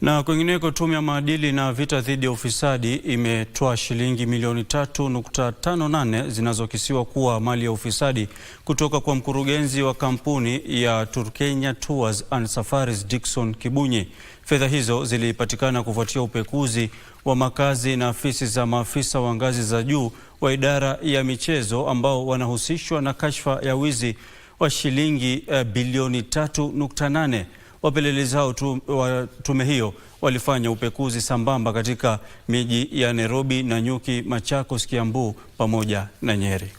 Na kwingineko, Tume ya Maadili na Vita dhidi ya Ufisadi imetoa shilingi milioni 3.58 zinazokisiwa kuwa mali ya ufisadi kutoka kwa mkurugenzi wa kampuni ya Turkenya Tours and Safaris Dickson Kibunyi. Fedha hizo zilipatikana kufuatia upekuzi wa makazi na afisi za maafisa wa ngazi za juu wa idara ya michezo ambao wanahusishwa na kashfa ya wizi wa shilingi eh, bilioni 3.8. Wapelelezi hao tu, wa tume hiyo walifanya upekuzi sambamba katika miji ya Nairobi, Nanyuki, Machakos, Kiambu pamoja na Nyeri.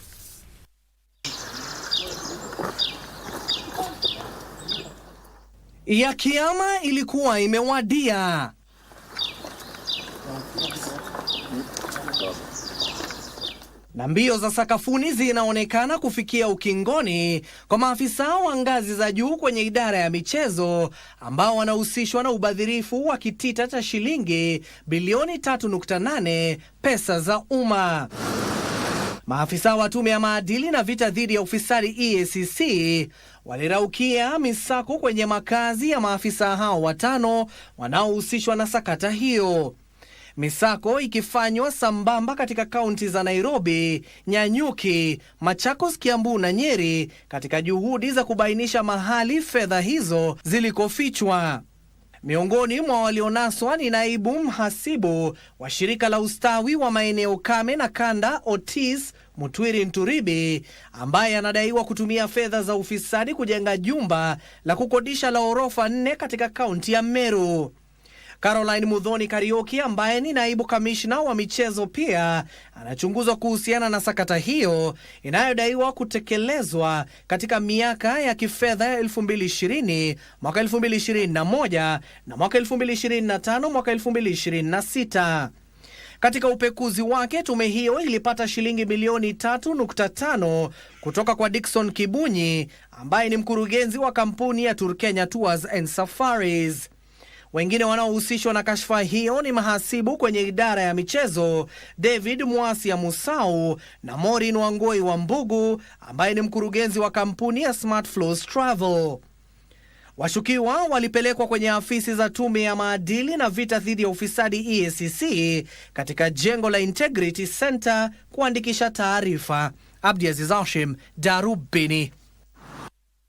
ya kiama ilikuwa imewadia na mbio za sakafuni zinaonekana kufikia ukingoni kwa maafisa wa ngazi za juu kwenye idara ya michezo ambao wanahusishwa na ubadhirifu wa kitita cha shilingi bilioni 3.8 pesa za umma. Maafisa wa tume ya maadili na vita dhidi ya ufisadi EACC waliraukia misako kwenye makazi ya maafisa hao watano wanaohusishwa na sakata hiyo misako ikifanywa sambamba katika kaunti za Nairobi, Nyanyuki, Machakos, Kiambu na Nyeri katika juhudi za kubainisha mahali fedha hizo zilikofichwa. Miongoni mwa walionaswa ni naibu mhasibu wa shirika la ustawi wa maeneo kame na kanda Otis Mutwiri Nturibi ambaye anadaiwa kutumia fedha za ufisadi kujenga jumba la kukodisha la orofa nne katika kaunti ya Meru. Caroline Mudhoni Karioki ambaye ni naibu kamishna wa michezo pia anachunguzwa kuhusiana na sakata hiyo inayodaiwa kutekelezwa katika miaka ya kifedha ya 2020 mwaka 2021 na mwaka 2025 mwaka 2026. Katika upekuzi wake, tume hiyo ilipata shilingi milioni 3.5 kutoka kwa Dickson Kibunyi ambaye ni mkurugenzi wa kampuni ya Turkenya Tours and Safaris. Wengine wanaohusishwa na kashfa hiyo ni mahasibu kwenye idara ya michezo David mwasi ya Musau na Morin Wangoi wa Mbugu ambaye ni mkurugenzi wa kampuni ya Smart Travel. Washukiwa walipelekwa kwenye afisi za tume ya maadili na vita dhidi ya ufisadi EACC katika jengo la Integrity Center kuandikisha taarifa. Abdiaziz Hashim, Darubini.